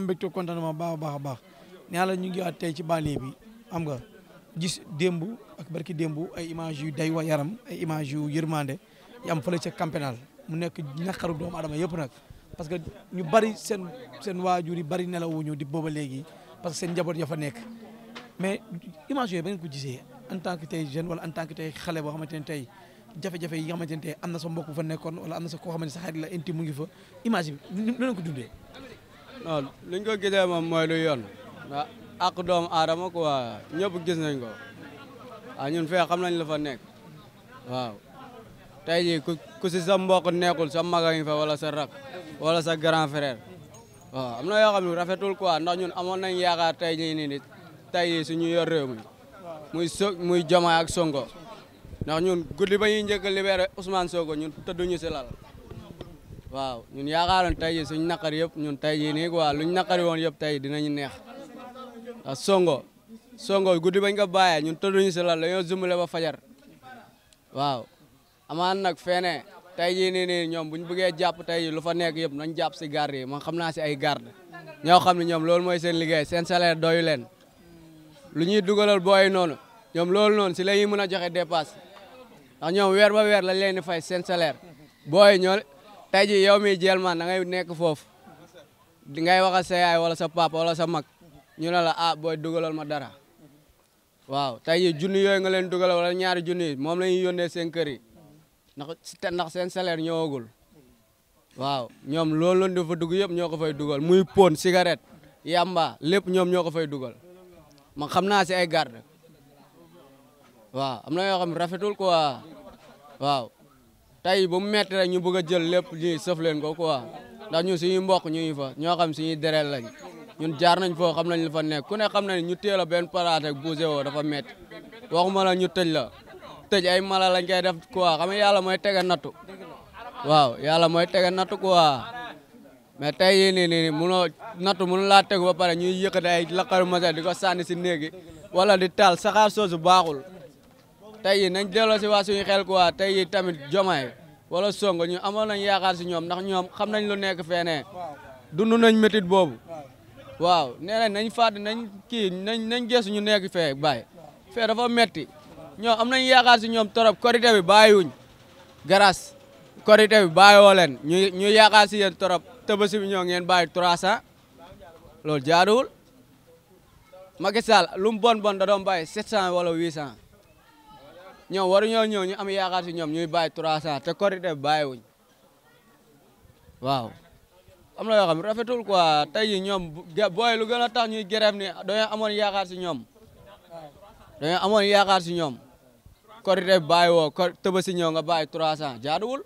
am mbégte contentement baax a baax a baax nee la ñu ngi at tey ci banlieue bi xam nga gis démb ak barki démb ay image yu day wa yaram ay image yu yërmande yu am fële ca campénal mu nekk naqaru doomu adama yëpp nag parce que ñu bari seen seen waajur yi bari nelawuñu di booba léegi parce que seen njaboot ya fa nekk mais image yooyu ba ngeen ko jisee en tant tey jeune wala en tant que tey xale boo xamante ne tey jafe-jafe yi nga tey am na sa mbokk fa nekkoon wala am na sa koo xamante ne sa xarit la mu ngi fa image bi nu non liñ ko gisee moom mooy lu yoon ndax ak doomu aadama quoi ñëpp gis nañ ko waaw ah, ñun fee xam nañ la fa nekk waaw tey jii ku sa mbokk nekkul sa mag a fa wala sa rak wala sa grand frère waaw am na yoo xam ne rafetul quoi ndax ñun amoon nañ yaakaar tey jii nii nit tey jii suñu yor réew mi muy muy Diomaye ak songo ndax ñun guddi ba ñuy njëkk a libéré Ousmane Sonko ñun tëdduñu si lal waaw ñun yaakaaroon tey jii suñu naqar yëpp ñun tey jii nii quoi luñ naqari woon yëpp tey dinañu neex ndax songo songo guddi bañ ko bàyyee ñun tëdduñu si lal dañoo zumbale ba fajar waaw nag feene tey jii nii ñoom bu ñu bëggee tey lu fa nekk yëpp nañ jàpp si garde yi man xam naa si ay garde ñoo xam ne ñoom loolu mooy seen liggéey seen salaire doyu leen lu ñuy dugalal booy noonu ñoom loolu noonu si la ñuy mën a joxe dépasse ndax ñoom weer ba weer lañ leen di fay seen salaire tey ji yow mi jël man nekk foofu di ngay wax sa yaay wala sa papa wala sa mag ñu ne la ah booy dugalal ma dara waaw tey ji junni yooyu nga leen dugalal wala ñaari junni moom la ñuy yónnee seen kër yi ndax ndax seen salaire ñëwagul waaw ñoom loolu lañ dafa dugg yëpp ñoo ko fay dugal muy pon cigarette yamba lépp ñoom ñoo ko fay dugal man xam naa si ay garde waaw am na yoo xam rafetul quoi waaw tey bu mu metti rek ñu bëgg a jël lépp lii sëf leen ko quoi ndax ñun suñuy mbokk ñu ngi fa ñoo xam suñuy dereel lañ ñun jaar nañ foo xam nañ li fa nekk ku ne xam nañ ñu teel benn paraat ak bougé woo dafa metti waxuma la ñu tëj la tëj ay mala lañ koy def quoi xam nga yàlla mooy tege natu waaw yàlla mooy tege natu quoi mais tey yii ni nii munoo nattu mun laa tegu ba pare ñuy yëkkati ay laqaru masa di ko sànni si néegi wala di taal saxaar soosu baaxul tey nañ delloo si waa suñu xel quoi tey tamit Diomaye wala Sonko ñu amoon nañ yaakaar si ñoom ndax ñoom xam nañ lu nekk fenee dund nañ métit boobu waaw nee nañ nañ nañ kii nañ nañ gëstu ñu nekk fee bàyyi fee dafa metti ñoom am nañ yaakaar si ñoom torop korité bi bàyyiwuñ garas korité bi bàyyiwoo leen ñu ñu yaakaar si yéen torop tëbasi bi ñoo ngeen bàyyi trois cent loolu jaaduwul Macky Sall lu mu bon bon da doon bàyyi sept cent wala huit cent ñoom waruñoo ñëw ñu am yaakaar si ñoom ñuy bàyyi 300 te Korité bàyyiwuñ waaw. am na yoo xam rafetul quoi tey jii ñoom booy lu gën a tax ñuy grève ni dañoo amoon yaakaar si ñoom dañoo amoon yaakaar si ñoom Korité bàyyi woo ko tëba si ñëw nga bàyyi 300 jaaduwul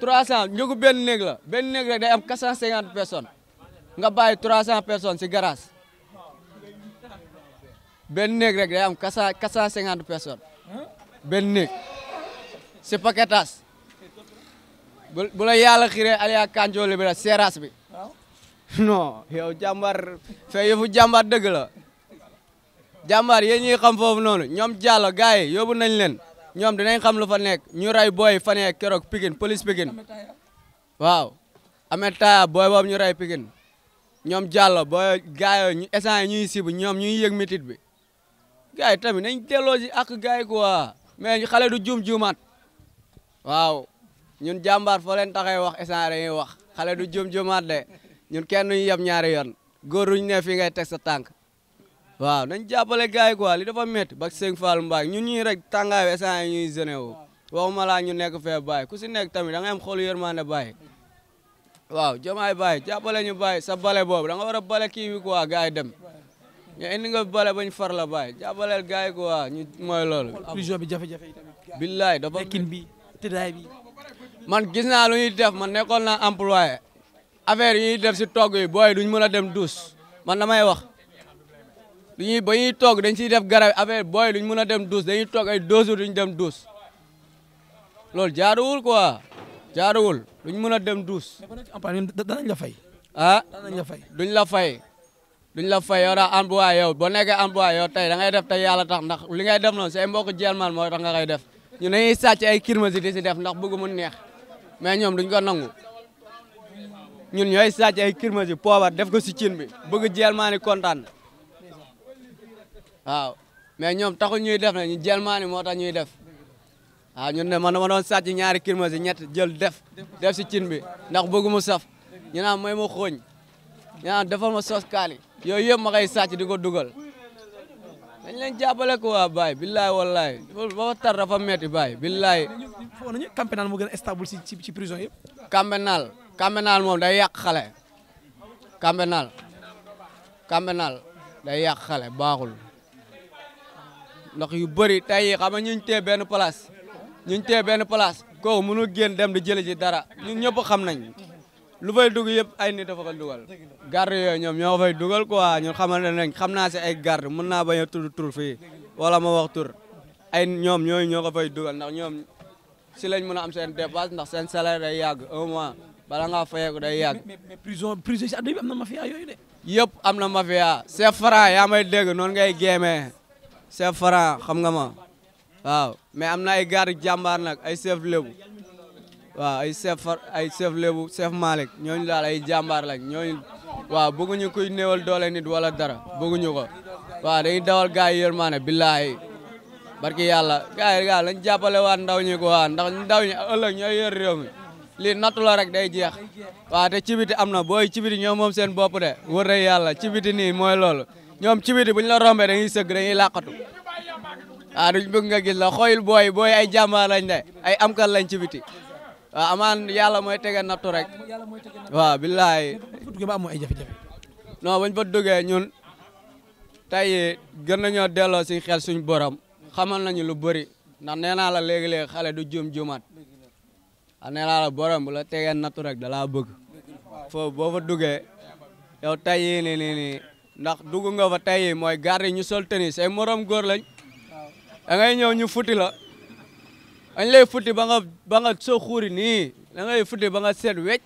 300 njëgu benn néeg la benn néeg day am 450 personnes nga bàyyi 300 personnes si garage benn néeg rek day am 450 personnes benn néeg si paquetas bu la yàlla xiree Aliou ak Kanjoole bi la seeraas bi non yow jàmbaar fee yëfu jàmbaar dëgg la jàmbaar yéen ñuy xam foofu noonu ñoom jaalo gars yi yóbbu nañ leen ñoom dinañ xam lu fa nekk ñu ray booy fan yee keroog Pikine police Pikine waaw Amet Taya booy boobu ñu ray Pikine ñoom Diallo booy gars yi ñu essence ñoom ñuy yëg mitit bi gars yi tamit nañ delloo si ak gars yi quoi mais xale du juum juumaat waaw ñun jàmbaar foo leen taxay wax instant yi wax xale du juum juumaat de ñun kenn duñu yem ñaari yoon góor ñu ne fii ngay teg sa tànk waaw nañ jàppale gars yi quoi li dafa métti ba sëñ Fall Mbaye ñun ñii rek tàngaay instant yi ñuy génne woo waxuma ñu nekk fee ku si nekk tamit da nga am xoolu yërmande bàyyi waaw jomaay bàyyi jàppale ñu bàyyi sa bale boobu da nga war a bale kii bi quoi yi dem ñu indi nga bale bañ far la bàyyi jàppaleel gars yi quoi ñu mooy loolu. prison bi jafe-jafe yi tamit. billaay dafa nekkin bi tëddaay bi. man gis naa lu ñuy def man nekkoon naa employé affaire yi ñuy def si togg yi booy duñ mën a dem douche man na may wax lu ñuy ba ñuy togg dañ siy def garab affaire booy duñ mën a dem douche dañuy togg ay deux jours duñ dem douche loolu jaaduwul quoi jaaduwul duñ mën a dem douche. danañ la fay. ah danañ la fay duñ la fay. duñ la fay yow daa employé yow boo nekkee employé yow da def tey yàlla tax ndax li ngay def noonu say mbokk jelmaan mooy tax nga koy def ñu dañuy sàcc ay kirmasi di si def ndax bëgg mu neex mais ñoom duñ ko nangu ñun ñooy sàcc ay kirmasi poobar def ko si cin bi bëgg jelmaani kontaan waaw mais ñoom taxul ñuy def ne ñu jelmaani moo tax ñuy def waaw ñun ne man ma doon sàcc ñaari kirmasi ñett jël def def si cin bi ndax bëgg mu saf ñu naan mooy ma xooñ ñu naan defal ma sos kaali yooyu yëpp ma koy sàcc di ko dugal dañ leen jàppale ko baay billaay wallaay ba tar dafa baay billaay. foo nañu camp pénal moo gën a stable ci ci prison yëpp. camp pénal moom day yàq xale camp pénal day yàq xale baaxul ndax yu bëri tey yi xam nga ñu tee benn place ñu tee benn place kooku mënul génn dem di jëli ji dara ñun ñëpp xam nañ lu fay dugg yëpp ay nit dafa ko dugal garde yooyu ñoom ñoo fay dugal quoi ñun xamante nañ xam naa si ay garde mën na bañ a tudd tur fii wala ma wax tur ay ñoom ñooyu ñoo ko fay dugal ndax ñoom si lañ mën a am seen dépense ndax seen salaire day yàgg un mois bala ngaa fayeeku day yàgg. mais prison prison si am na mafia yooyu de. yëpp am na mafia. chef franc yaa may dégg noonu ngay géemee chef fara xam nga ma waaw mais am na ay garde jàmbaar nag ay chef lébu waaw ay chef far ay chef lébu chef Malick ñooñu laal ay jàmbaar lañ ñooñu waaw bëgguñu kuy néewal doole nit wala dara bëgguñu ko waaw dañuy dawal gars yi yërmaane billaahi barki yàlla gars yi gars lañ jàppale ndaw ñi ko waa ndax ndaw ñi ëllëg ñooy yor réew mi lii la rek day jeex waaw te cibiti am na booy cibiti ñoom moom seen bopp de wër rek yàlla cibiti nii mooy loolu ñoom cibiti buñ la rombee dañuy sëgg dañuy làqatu waaw duñ bëgg nga gis la xooyul booy booy ay jàmbaar lañ de ay waaw ah, amaan yàlla mooy tege nattu rek waaw billaay non bañ fa duggee ñun tey gën nañoo delloo si xel suñ borom xamal nañu lu bëri ndax nee naa la léegi-léegi xale du juum-juumaat a ah, nee la borom bu la tegee nattu rek dala bëgg foofu boo fa duggee yow tey yii nii nii nii ndax dugg nga fa tey mooy garde yi ñu sol tennis say morom góor lañ da ngay ñëw ñu futi la dañ lay futti ba nga ba nga soo xuuri nii da ngay futti ba nga seet wecc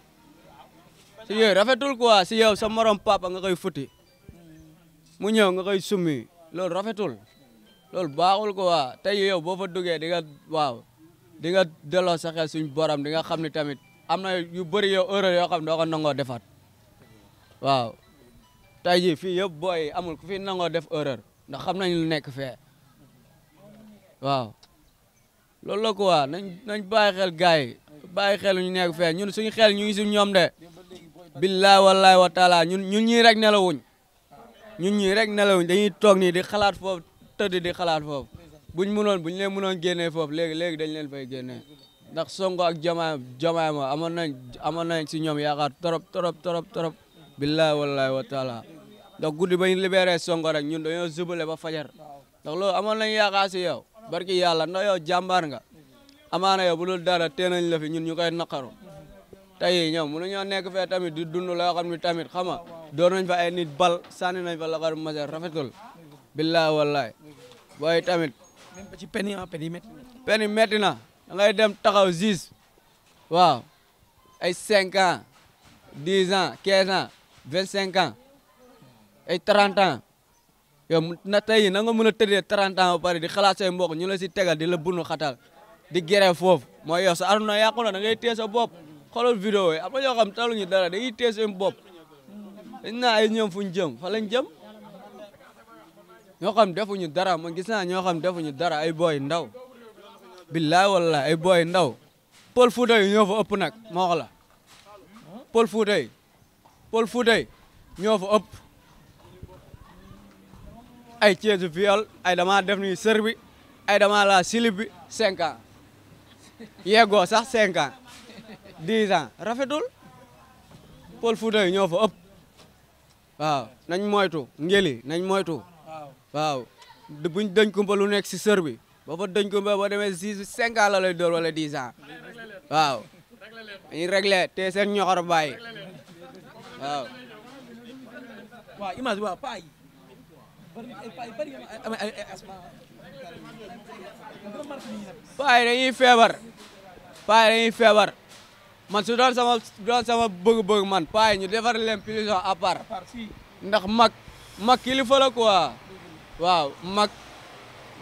si yooyu rafetul quoi si yow sa morom papa nga koy futti mu ñëw nga koy summi lool rafetul loolu baaxul quoi tey yow boo fa duggee di nga waaw di nga sa xel suñ borom di nga xam ne tamit am na yu bëri yow erreur yoo xam ne doo ko nangoo defaat waaw tey jii fii yëpp booy amul ku fi nangoo def erreur ndax xam nañ lu nekk fee waaw loolu la quoi nañ nañ bàyyi xel gars yi bàyyi xel ñu nekk fee ñun suñu xel ñu ngi si ñoom de billaay wallaay wa taala ñun ñun ñii rek nelawuñ ñun ñii rek nelawuñ dañuy toog nii di xalaat foofu tëdd di xalaat foofu buñ mënoon buñ leen mënoon génnee foofu léegi léegi dañ leen fay génnee ndax Sonko ak Diomaye Diomaye ma amoon nañ amoon nañ si ñoom yaakaar trop trop trop trop billaay wallaay wa taala ndax guddi bañ libéré Sonko rek ñun dañoo zubale ba fajar ndax loolu amoon nañ yaakaar si yow barki yàlla na yow jàmbaar nga amaana yow bu dul dara tee nañ la fi ñun ñu koy naqaru tey ñoom mënu ñoo nekk fee tamit di dund loo xam ne tamit xam nga doon fa ay nit bal sànni nañ fa laxaru maser rafetul billaay wallaay waaye tamit même ba ci pen yi ah, pen yi métti dem taxaw gis waaw ay cinq ans dix ans quinze ans vingt cinq ans ay trente ans yow na tey na nga mën a tëddee 30 ans ba di xalaat say mbokk ñu la si tegal di la bunu xatal di gere foofu mooy yow sa aduna yàqu na da ngay téye sa bopp xoolal vidéo yi am na ñoo xam taluñu dara dañuy téye seen bopp dañ naa ay ñoom fuñ jëm fa lañ jëm ñoo xam defuñu dara man gis naa ñoo xam defuñu dara ay booy ndaw billaay ay booy ndaw pël Fuuta yi ñoo fa nag moo wax la pël Fuuta yi pël Fuuta ay ceesu viol ay damaa def ni sër bi ay damaa laa silib bi cinq ans yeggoo sax cinq ans dix ans rafetul Pël Fuuta waaw nañ moytu ngeli nañ moytu waaw buñ dëñ kumpa lu nekk si sër bi ba fa dëñ kumpa ba demee six cinq ans la lay wala dix waaw dañuy réglé te seen ñoxor paa yi dañuy feebar paa yi feebar man su doon sama doon bëgg-bëgg man paa ñu defar leen prison à part ndax mag mag kilifa la quoi waaw mag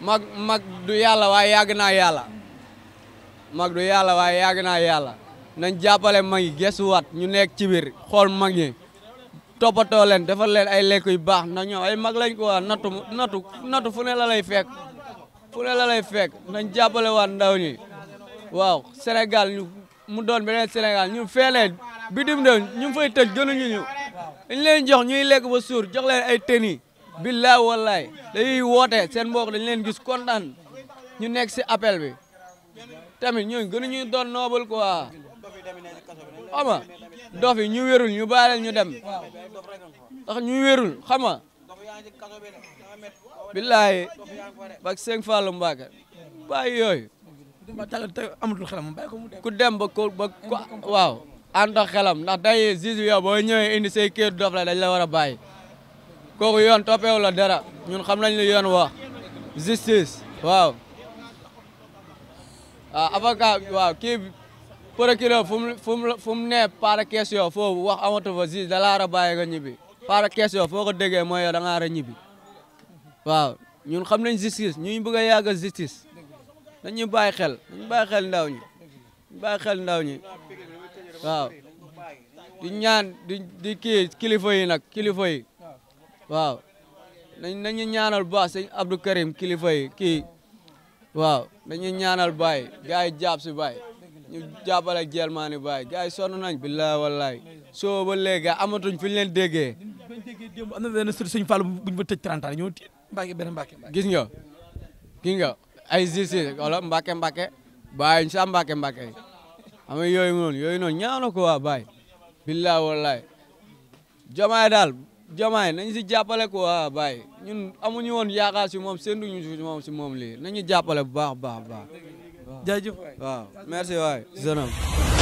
mag mag du yàlla waaye yàgg naa yàlla mag du yàlla waaye yàgg naa yàlla nañ jàppale mag yi gesuwaat ñu nekk ci biir xool mag ñi toppatoo leen defal leen ay lekk yu baax na ñoom ay mag lañ ko waa natu natu natu fu ne la fekk fu ne la lay fekk nañ jàppale waa ndaw ñi waaw Sénégal mu doon beneen Sénégal ñun feelee bitim réew ñu fay tëj gënuñu ñu dañ leen jox ñuy lekk ba suur jox ay tenue billaay wallaay dañuy woote seen mbokk dañ leen gis kontaan ñu nekk si appel bi tamit ñun gënuñu doon noobul quoi ama dof yi ñu wérul ñu baaleel ñu dem ndax ñu wérul xam nga billaahi bak sëñ Fallou Mbacké bàyyi yooyu ku dem ba ko ba ko waaw ànd day juge yow boo ñëwee indi say kéedu dof la dañ la war a bàyyi kooku yoon toppeewu la dara ñun xam nañ li yoon wax justice waaw ah avocat waaw kii procureur fu mu fu mu fu mu ne para wax amatu fa juge da laa war a bàyyi nga ñibbi para question foo ko déggee mooy yow da a ñibbi waaw ñun xam nañ justice ñu bëgg a yàgg justice nañu bàyyi xel nañu ndaw ñi ñu bàyyi xel ndaw ñi waaw di ñaan di di kii kilifa yi nag kilifa yi waaw nañ nañu ñaanal baax kilifa yi kii waaw ñaanal baay gars yi baay ñu jàppale Jelmani Baay gars yi sonn nañ billaay wallaay soo ba léegi amatuñ fi ñu leen déggee am na benn sëriñ Fall bu ñu fa tëj 30 ans ñoo tiit Mbàkke benn Mbàkke gis nga gis nga ay gis wala Mbàkke Mbàkke bàyyi sa Mbàkke Mbàkke yi xam nga yooyu noonu yooyu noonu ñaaw na ko waa Baay billaay wallaay jomaay daal jomaay nañ si jàppale ko waa Baay ñun amuñu woon yaakaar si moom séntuñu si moom si moom lii nañu jàppale bu baax baax baax jaajëf waay waaw merci waay